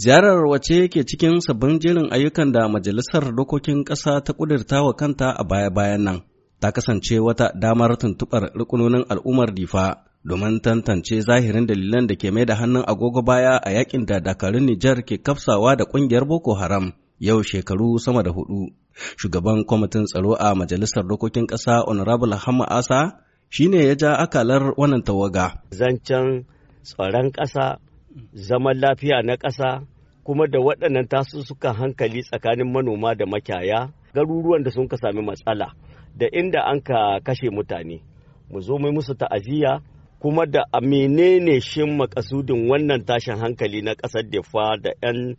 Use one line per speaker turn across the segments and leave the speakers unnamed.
Ziyarar wace ke cikin sabbin jerin ayyukan da Majalisar Dokokin Ƙasa ta ƙudurta wa kanta a baya-bayan nan, ta kasance wata damar tuntuɓar rukunonin al'ummar difa domin tantance zahirin dalilan da ke mai da hannun agogo baya a yakin da dakarun Nijar ke kafsawa da ƙungiyar Boko Haram yau shekaru sama da hudu. Shugaban kwamitin tsaro a Majalisar Dokokin Ƙasa Honorable Hamma Asa shi ne ya ja akalar wannan tawaga.
Zancen tsaron ƙasa zaman lafiya na ƙasa kuma da waɗannan suka hankali tsakanin manoma da makyaya garuruwan da sun ka sami matsala da inda an ka kashe mutane mu zo mai musu ta'aziyya kuma da a menene shin makasudin wannan tashin hankali na ƙasar defa da 'yan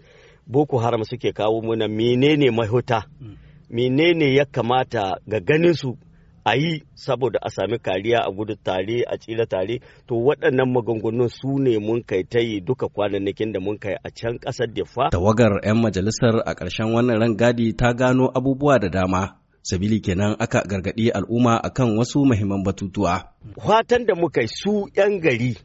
boko haram suke kawo muna menene mahuta mm. menene ya kamata ga ganin su a yi saboda a sami kariya a gudu tare a tsira tare to waɗannan maganganun su ne mun kai ta yi duka kwanannakin da mun kai a can ƙasar defa
tawagar 'yan majalisar a ƙarshen wannan rangadi ta gano abubuwa da dama sabili kenan aka gargaɗi al'umma akan wasu mahimman batutuwa
fatan da muka su 'yan gari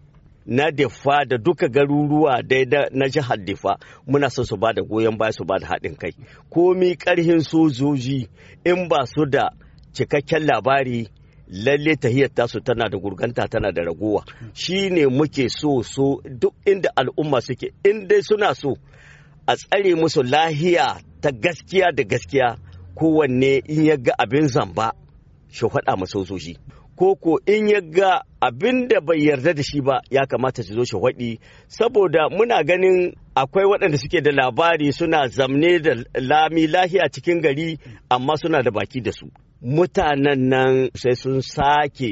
na defa da duka garuruwa daidai na jihar defa muna son su ba da goyon baya su ba da haɗin kai komi ƙarhin sojoji in ba su da cikakken labari lalle tahiyar tasu tana da gurganta tana da ragowa shi ne muke so so duk inda al'umma suke in dai suna so a tsare musu lahiya ta gaskiya da gaskiya kowanne in ya ga abin zamba shi faɗa masausoshi ko ko in yaga ga abin da bai yarda da shi ba ya kamata su zo shi faɗi saboda muna ganin akwai waɗanda suke da labari suna zamne da lami lahiya cikin gari amma suna da baki da su mutanen nan sai sun sake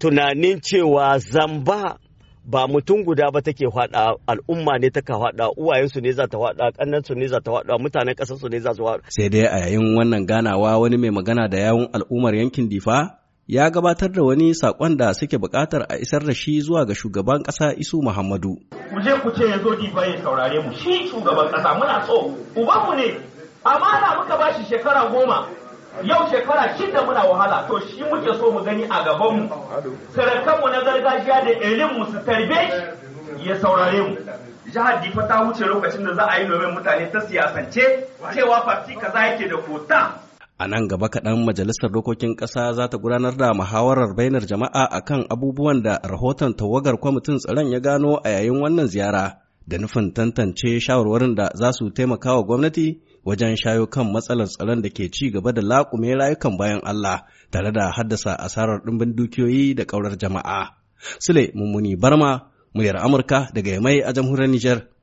tunanin cewa zamba ba mutum guda ba take hada al'umma ne take hada uwayensu ne za ta hada kannansu ne za ta hada mutanen su ne za su hada
sai dai a yayin wannan ganawa wani mai magana da yawun al'ummar yankin difa ya gabatar da wani sakon da suke bukatar a isar da shi zuwa ga shugaban kasa isu muhammadu
ku je ku ce yazo difa ya saurare mu shi shugaban kasa muna so ubanmu ne amma da muka bashi shekara goma yau shekara shida muna wahala to shi muke so mu gani a gaban mu sarakanmu na gargajiya da irin mu su tarbe ya saurare mu jihar difa ta wuce lokacin da za a yi nomin mutane ta siyasance cewa farti kaza yake da kota
a nan gaba kaɗan majalisar dokokin ƙasa za ta gudanar da muhawarar bainar jama'a akan abubuwan da rahoton tawagar kwamitin tsaron ya gano a yayin wannan ziyara da nufin tantance shawarwarin da za su taimaka wa gwamnati wajen shayo kan matsalar tsaron da ke ci gaba da laƙume rayukan bayan Allah tare da haddasa asarar ɗimbin dukiyoyi da ƙaurar jama'a. Sule Mummuni Barma, muryar Amurka daga Yamai a jamhuriyar Nijar.